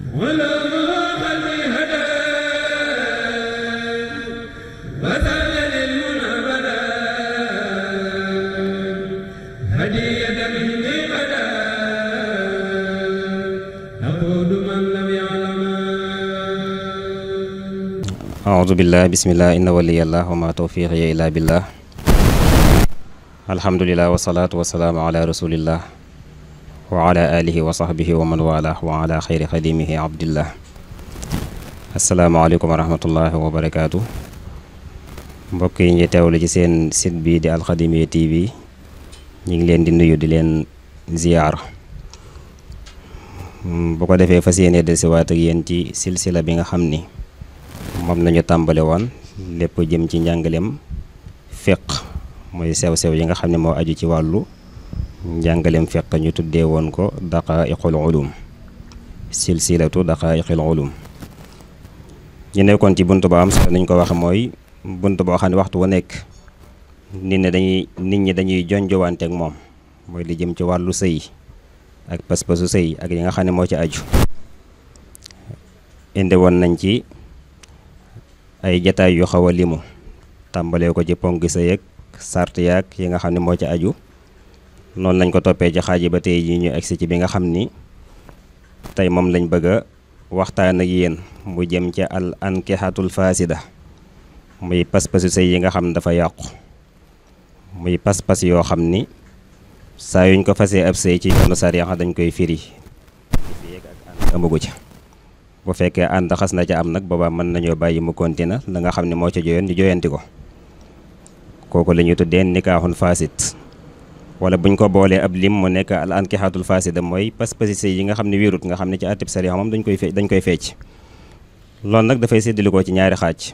أعوذ بالله بسم الله إن ولي الله وما توفيقي إلا بالله الحمد لله والصلاة والسلام على رسول الله wa ala alihi wa sahbihi wa man wala wa ala xayri xadimihi abdillah asalaamaaleykum wa rahmatullahi wa barakaatu mbokk yi ñu teewlu ci seen site bi di alxadimiya tv ñu ngi leen di nuyu di leen ziyaar bu ko defee fas yéene dellusiwaat ak yéen ci silsila bi nga xam ni moom lañu tàmbali woon lépp jëm ci njàngaleem fiq mooy sew-sew yi nga xam ne moo aju ci wàllu njàngaleem fiq ñu tuddee woon ko daqaa'iqul ulum silsilatu daqaa'iqul ulum ñu nekkoon ci bunt ba am solo nañ ko wax mooy bunt boo xam ne waxtu wu nekk nit ñi dañuy nit ñi dañuy jonjowante ak moom mooy li jëm ci wàllu sëy ak pas-pasu sëy ak yi nga xam ne moo ci aju woon nañ ci ay jataay yu xaw a limu tàmbalee ko ci ponk sëy ak sart yi nga xam ne moo ci aju noonu lañ ko toppee ci xaaji ba tey jii ñu egsi ci bi nga xam ni tey moom lañ bëgg a waxtaan ak yéen mu jëm ci al ankihatul faasida muy pas-pasu sëy yi nga xam ne dafa yàqu muy pas-pas yoo xam ni saa yuñ ko fasee ab sëy ci yoonu sariya dañ koy firi ak ànd amagu ca bu fekkee ànd xas na ca am nag boobaam mën nañoo bàyyi mu na la nga xam ne moo ca joyoon ñu joyanti ko kooku la ñuy tuddee nikaaxun faasit wala buñ ko bolé ab lim mo nek al ankihatul faasida moy pas-pas yi nga xamni wirut nga xamni ci atib sari moom dañ koy fecc dañ koy fecc lool nak da fay séddalikoo ci ñaari xaaj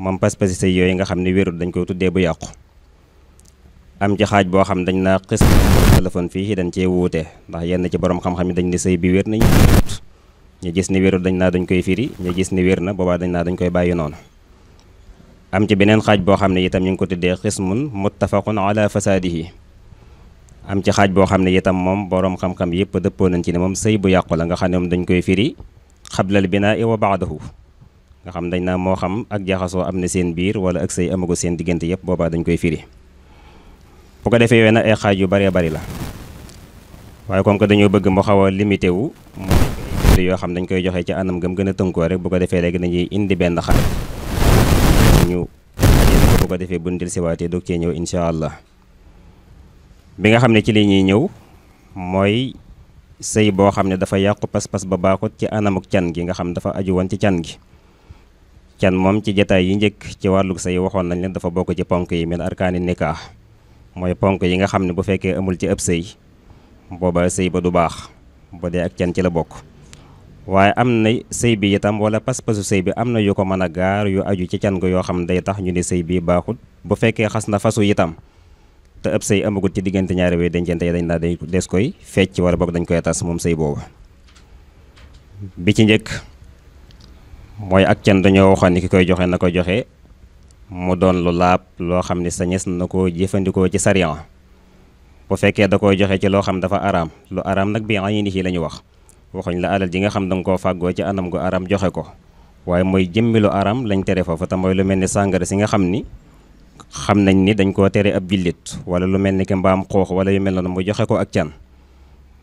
mom pas-pas sëy yooyu nga xamni wirut dañ koy tuddé bu yaq am ci xaaj bo xam dañ na xiss téléphone fi dañ ci wuté ndax yenn ci borom xam-xam yi dañ ni sëy bi wér nañ ñu gis ni wirut dañ na dañ koy firi ñu gis ni wér na boobaa dañ na dañ koy bàyyi non am ci benen xaaj bo xam itam ñu ko tuddé khismun muttafaqun ala fasadihi am ci xaaj boo xam ne yitam moom boroom xam-xam yëpp dëppoo nañ ci ne moom sëy bu yàqu la nga xam ne moom dañ koy firi xablal binaa i wa baadahu nga xam dañ naa moo xam ak jaxasoo am na seen biir wala ak sëy amago seen diggante yëpp boobaa dañ koy firi bu ko defee yooyu nag ay xaaj yu bëree bëri la waaye comme que dañoo bëgg mu xaw a limité wu mu yoo xam dañ koy joxe ci anam gëm gën a tënkoo rek bu ko defee léegi dañuy indi benn xaaj ñu bu ko defee buñ dellusiwaatee doog cee ñëw incha allah bi nga xam ne ci li ñuy ñëw mooy sëy boo xam ne dafa yàqu pas-pas ba baaxut ci anamuk can gi nga xam dafa aju woon ci can gi can moom ci jataay yi njëkk ci wàllu sëy waxoon nañ leen dafa bokk ci ponk yi mel arkaani nikah mooy ponk yi nga xam ne bu fekkee amul ci ab sëy booba sëy ba du baax bu dee ak can ci la bokk waaye am na sëy bi itam wala pas-pasu sëy bi am na yu ko mën a gaar yu aju ci can gi yoo xam day tax ñu ne sëy bi baaxut bu fekkee xas na fasu itam te ab sëy amagut ci diggante ñaare way dencente yi dañ daa day des koy fecc wala boog dañ koy tas moom sëy boobu bi ci njëkk mooy ak can dañoo waxoon ni ki koy joxe na koy joxe mu doon lu laab loo xam ne sañes na koo jëfandikoo ci saria bu fekkee da koo joxe ci loo xam dafa araam lu araam nag bi ayi ni yi la ñu wax waxuñ la alal ji nga xam danga koo fàggoo ci anam gu araam joxe ko waaye mooy jëmmi lu araam lañ tere foofu te mooy lu mel ni sàngara si nga xam ni xam nañ ni dañ koo tere ab jullit wala lu mel ni ki mbaam xoox wala yu mel na mu joxe ko ak can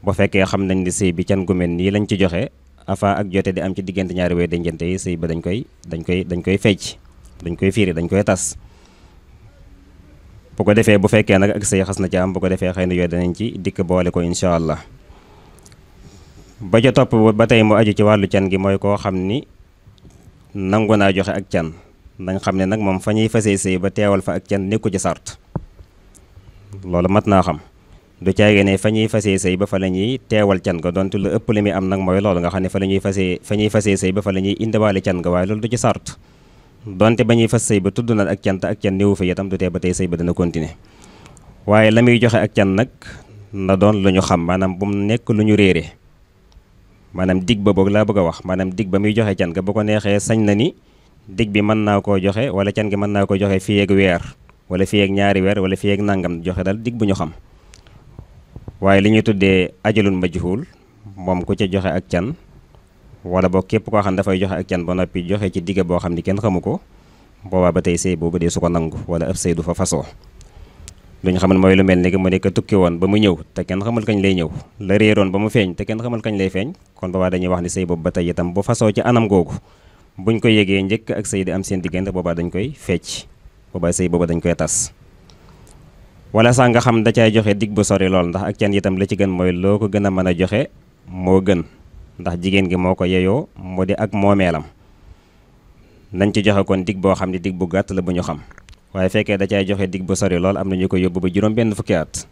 bu fekkee xam nañ ni sëy bi can gu nii lañ ci joxe afa ak jote di am ci diggante ñaari way dencante yi sëy ba dañ koy dañ koy dañ koy fecc dañ koy fiiri dañ koy tas bu ko defee bu fekkee nag ak sëy xas na ci am bu ko defee xëy na yooyu danañ ci dikk boole ko incha allah ba ca topp ba tey mu aju ci wàllu can gi mooy koo xam ni nangu naa joxe ak can nañ xam ne nag moom fa ñuy fasee sëy ba teewal fa ak can nekku ci sart loolu mat naa xam du caagee ne fa ñuy fasee sëy ba fa la ñuy teewal can ga donte lu ëpp li muy am nag mooy loolu nga xam ne fa la ñuy fasee fa ñuy fasee sëy ba fa la ñuy indiwaale can ga waaye loolu du ci sart donte ba ñuy fas sëy ba tudd na ak cant ak can néewu fa itam du tee ba tey sëy ba dana continuer waaye la muy joxe ak can nag na doon lu ñu xam maanaam bu mu nekk lu ñu réere maanaam dig ba boog laa bëgg a wax maanaam dig ba muy joxe can ga bu ko neexee sañ na ni dig bi mën naa koo joxe wala can gi mën naa ko joxe fii ak weer wala fii ak ñaari weer wala fii ak nangam joxe daal digg bu ñu xam waaye li ñuy tuddee ajalun majhul moom ku ca joxe ak can wala boog képp koo xam dafay joxe ak can ba noppi joxe ci digg boo xam ni kenn xamu ko boobaa ba tey sëy boobu dee su ko nangu wala ab sëy du fa fasoo lu ñu xamal mooy lu mel ni que mu nekk tukki woon ba mu ñëw te kenn xamal kañ lay ñëw la réeroon ba mu feeñ te kenn xamal kañ lay feeñ kon dañuy wax ni sëy boobu ba tey itam bu fasoo ci anam googu buñ ko yegee njëkk ak sëy di am seen diggante boobaa dañ koy fecc boobaa sëy booba dañ koy tas walla sax nga xam da cay joxe digg bu sori lool ndax ak can itam la ci gën mooy loo ko gën a mën a joxe moo gën ndax jigéen gi moo ko yeyoo mu di ak moomeelam nañ ci joxe kon dig boo xam ne digg bu gàtt la bu ñu xam waaye fekkee da cay joxe digg bu sori lool am na ñu ko yóbbu ba juróom benn fukki at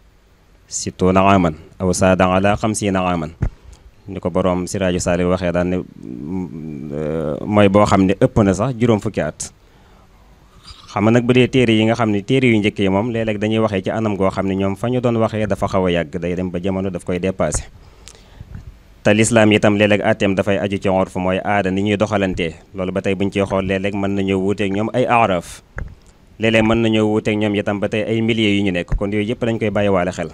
surtout na aman aw saada xam xamsiina aman ni ko boroom Siraaju Saali waxee daan ne euh, mooy boo xam ne ëpp na sax juróom fukki at xam nag bu dee téere yi nga xam ne téere yu njëkk yi moom léeg dañuy waxee ci anam goo xam ne ñoom fa ñu doon waxee dafa xaw a yàgg day dem ba jamono daf koy dépassé te lislaam itam léeg-léeg àtteem dafay aju ci orf mooy aada ni ñuy doxalantee loolu ba tey buñ ciy xool léeg-léeg mën nañoo wuuteeg ñoom ay araf léeg-léeg mën nañoo wuuteeg ñoom itam ba tey ay milliers yu ñu nekk kon yooyu yëpp dañ koy bàyyiwaale xel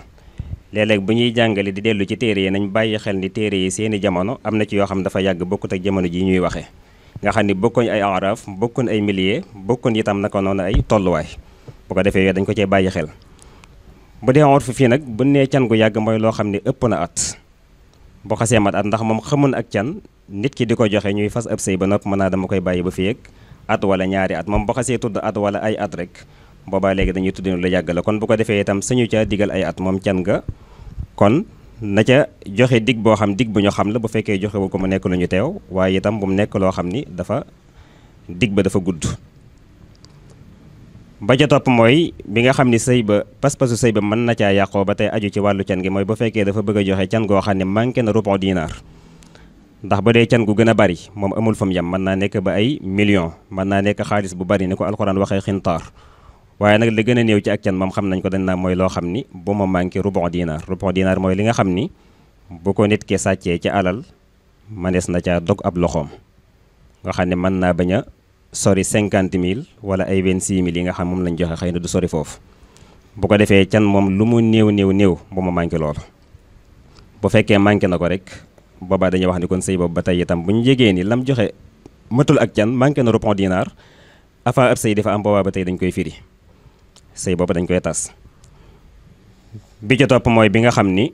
léeg-léeg ñuy jàngale di dellu ci téere yi nañu bàyyi xel ni téere yi seeni jamono am na ci yoo xam dafa yàgg bokkut ak jamono ji ñuy waxee nga xam ni bokkuñ ay araf bokkoon ay milliers bokkuñ itam naka noonu ay tolluwaay bu ko defee yooyu dañ ko cee bàyyi xel bu dee orfu fii nag bënnee can gu yàgg mooy loo xam ne ëpp na at boo xasee mat at ndax moom xamun ak can nit ki di ko joxe ñuy fas ab sëy ba nopp mën naa dama koy bàyyi ba fii ak at wala ñaari at moom boo xasee tudd at wala ay at rek boobaa léegi dañuy tudd lu yàgg la kon bu ko defee itam sañu caa digal ay at moom can nga kon na ca joxe dig boo xam dig bu ñu xam la bu fekkee joxewul ko mu nekk lu ñu teew waaye itam bu mu nekk loo xam ni dafa dig ba dafa gudd ba ca topp mooy bi nga xam ni sëy ba pas-pasu sëy ba mën na caa yàqo ba tey aju ci wàllu can gi mooy bu fekkee dafa bëgg joxe can goo xam ne manqué na rubu dinaar ndax ba dee can gu gën a bari moom amul fa mu yem mën naa nekk ay million mën naa nekk xaalis bu bari ni ko alxuraan waxee xintaar waaye nag li gën a néew ci ak can moom xam nañ ko dañ naa mooy loo xam ni bu ma manqué rubu dinaar rubu dinaar mooy li nga xam ni bu ko nit kee sàccee ci alal manees na caa dog ab loxoom nga xam ne mën naa bañ a sori cinquante mille wala ay vingt-six mille yi nga xam moom lañ joxe xëy na du sori foofu bu ko defee can moom lu mu néew néew néew bu ma manqué loolu bu fekkee manqué na ko rek boobaa dañuy wax ni kon sëy boobu ba tey itam bu ñu jegee ni lam joxe matul ak can manqué na rubu dinaar afa ab sëy dafa ba tey dañ koy firi sëy bopp dañ koy tas bi ci topp mooy bi nga xam ni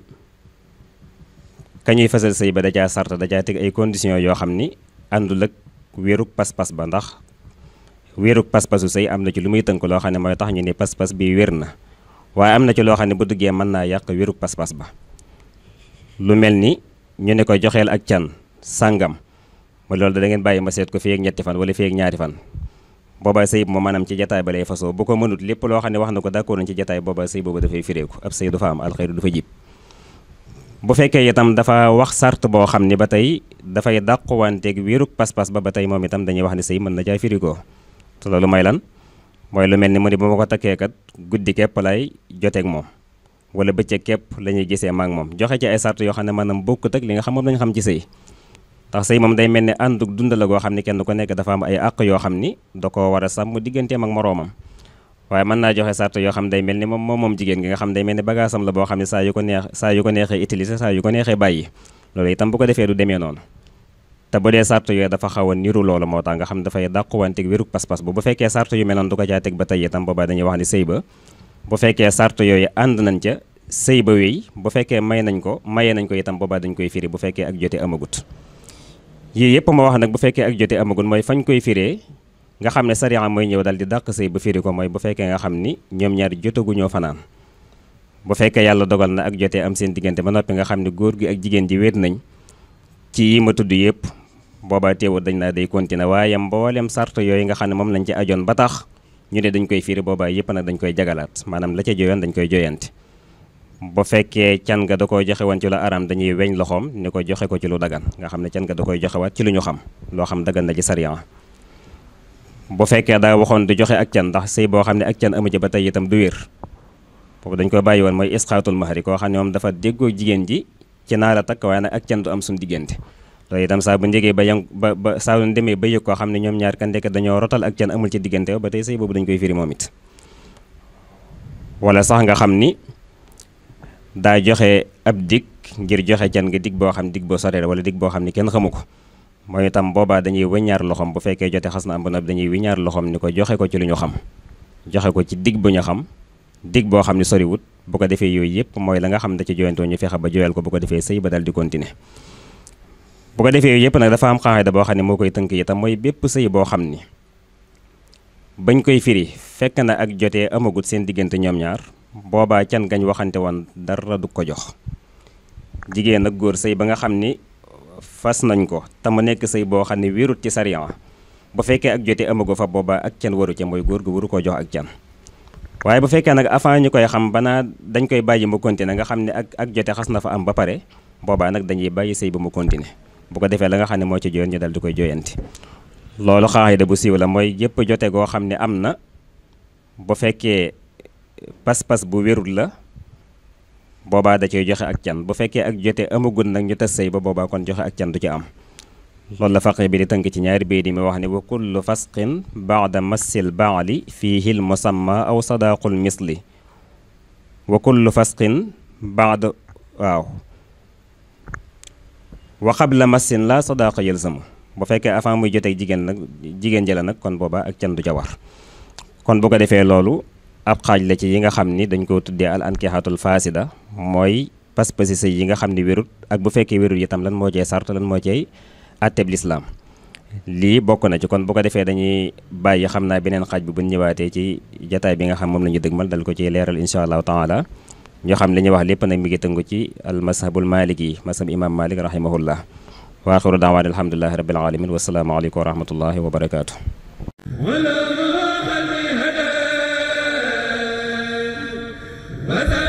kañuy fasal sëy ba da caa sart da caa teg ay conditions yoo xam ni àndul ak wéerug pas-pas ba ndax wéerug pas-pasu sëy am na ci lu muy tënk loo xam ne mooy tax ñu ni pas-pas bi wér na waaye am na ci loo xam ne bu duggee mën naa yàq wérug pas-pas ba lu mel ni ñu ne ko joxeel ak can sàngam ma loolu da ngeen bàyyi ma seet ko fi ak ñetti fan wala fii ak ñaari fan boobaa sëy moom maanaam ci jataay ba lay fasoo bu ko mënut lépp loo xam ne wax na ko d'accord nañ ci jataay boobaa sëy boobu dafay firéeku ab sëy du fa am alxayru du fa jib bu fekkee itam dafa wax sart boo xam ni ba tey dafay dàquwanteeg wéeruk pas-pas ba ba tey moom itam dañuy wax ne sëy mën na caa firikoo te loolu mooy lan mooy lu mel ni mu ni bu ma ko takkee kat guddi képp lay joteek moom wala bëccëg képp la ñuy gisee maak moom joxe ci ay sart yoo xam ne maanaam bokkut ak li nga xam moom lañ xam ci sëy ndax sëy moom day mel ne ànduk dund la goo xam ne kenn ku nekk dafa am ay àq yoo xam ni da koo war a sàmm digganteem ak moroomam waaye naa joxe sart yoo xam day mel ni moom moom jigéen gi nga xam ni bagaasam la boo xam ne saa yu ko neex saa yu ko neexee utiliser saa yu ko neexee bàyyi loolu te bu dee sart yooyu dafa xaw a niru loolu moo tax nga xam dafay dàquwanteeg wérug pas-pas bu bu fekkee sart yu mel noonu du ko caa teg ba tey itam boobaa dañuy wax ni sëy ba bu fekkee sart yooyu ànd nañ ca sëy ba wéy bu fekkee may nañ ko mayee nañ ko itam boobaa dañ koy firi bu fekkee ak jote amagut yii yëpp ma wax nag bu fekkee ak jote amagun mooy fañ koy firee nga xam ne sariya mooy ñëw daal di dàq sëy ba firi ko mooy bu fekkee nga xam ni ñoom ñaar jotaguñoo fanaan bu fekkee yàlla dogal na ak jotee am seen diggante ba noppi nga xam ne góor gi ak jigéen ji wéet nañ ci yi ma tudd yëpp boobaa teewul dañ naa day continuer waaye mboolem sart yooyu nga xam ne moom lañ ci ajoon ba tax ñu ne dañ koy firi boobaa yëpp nag dañ koy jagalaat maanaam la ca joyoon dañ koy joyante bu fekkee can nga da koy joxe woon ci lu araam dañuy weñ loxoom ni ko joxe ko ci lu dagan nga xam ne can nga da koy joxewaat ci lu ñu xam loo xam dagan na ci sariya bu fekkee daa waxoon di joxe ak can ndax sëy boo xam ne ak can amu ba tey itam du wér foofu dañ koy bàyyi woon mooy isxaatul mahari koo xam ne moom dafa déggoo jigéen ji ci naa la takk waaye nag ak can du am suñu diggante loolu itam saa bu njëgee ba yang ba ba saa bu demee ba yëg koo xam ne ñoom ñaar kan ndekk dañoo rotal ak can amul ci diggante ba tey sëy boo dañ koy firi moom sax nga xam ni daa joxe ab dig ngir joxe can ngi dig boo xam digg boo sore wala dig boo xam ni kenn xamu ko mooy itam boobaa dañuy wëññaar loxoom bu fekkee jote xas na am ba noppi dañuy wëññaar loxoom ni ko joxe ko ci lu ñu xam joxe ko ci dig bu ñu xam dig boo xam ni soriwut bu ko defee yooyu yëpp mooy la nga xam da ci joyantoo ñu fexe ba joyal ko bu ko defee sëy ba dal di continuer bu ko defee yooyu yëpp nag dafa am xaaxida boo xam ne moo koy tënk yi itam mooy bépp sëy boo xam ni bañ koy firi fekk na ak jotee amagut seen diggante ñoom ñaar boobaa can gañ waxante woon dara du ko jox jigéen ak góor sëy ba nga xam ni fas nañ ko te mu nekk sëy boo xam ne wérut ci sariyan bu fekkee ak jote amago fa boobaa ak can waru ca mooy góor gu waru koo jox ak can waaye bu fekkee nag avant ñu koy xam banaa dañ koy bàyyi mu continuer nga xam ne ak ak jote xas na fa am ba pare boobaa nag dañuy bàyyi sëy ba mu continuer bu ko defee la nga xam ne moo ci joyoon ñu dal di koy joyanti loolu xaaxida bu siiw la mooy yëpp jote goo xam ne am na bu fekkee pas-pas bu wérul la boobaa da cay joxe ak can bu fekkee ak jote amagul nag ñu tas sëy ba boobaa kon joxe ak can du ci am loolu la faqe bi di tënk ci ñaari bay di mi wax ne wa kullu fasqin baada massil baali fiihi l musamma aw sadaqul misli wa kullu fasqin baada waaw wa qabla massin la sadaqa yalzamu bu fekkee avant muy joteeg jigéen nag jigéen jëla nag kon boobaa ak can du ca war kon bu ko defee loolu ab xaaj la ci yi nga xam ni dañ koo tuddee al ankihaatul faasida mooy pas-pasi sëy yi nga xam ni wérut ak bu fekkee wérut tam lan moo cee sart lan moo cey atteb lislaam lii bokk na ci kon bu ko defee dañuy bàyyi xam naa beneen xaaj bi buñ ñëwaatee ci jataay bi nga xam moom la ñu dëgmal dal ko ciy leeral insha allahu taala ñoo xam li ñuy wax lépp nag mi ngi tëngu ci al mashabul malik yi mashab imam malik rahimahullah wa axiru daawaan alhamdulilahi rabbil alamin wasalaamu aleykum wa rahmatullahi wa barakaatu Let's go.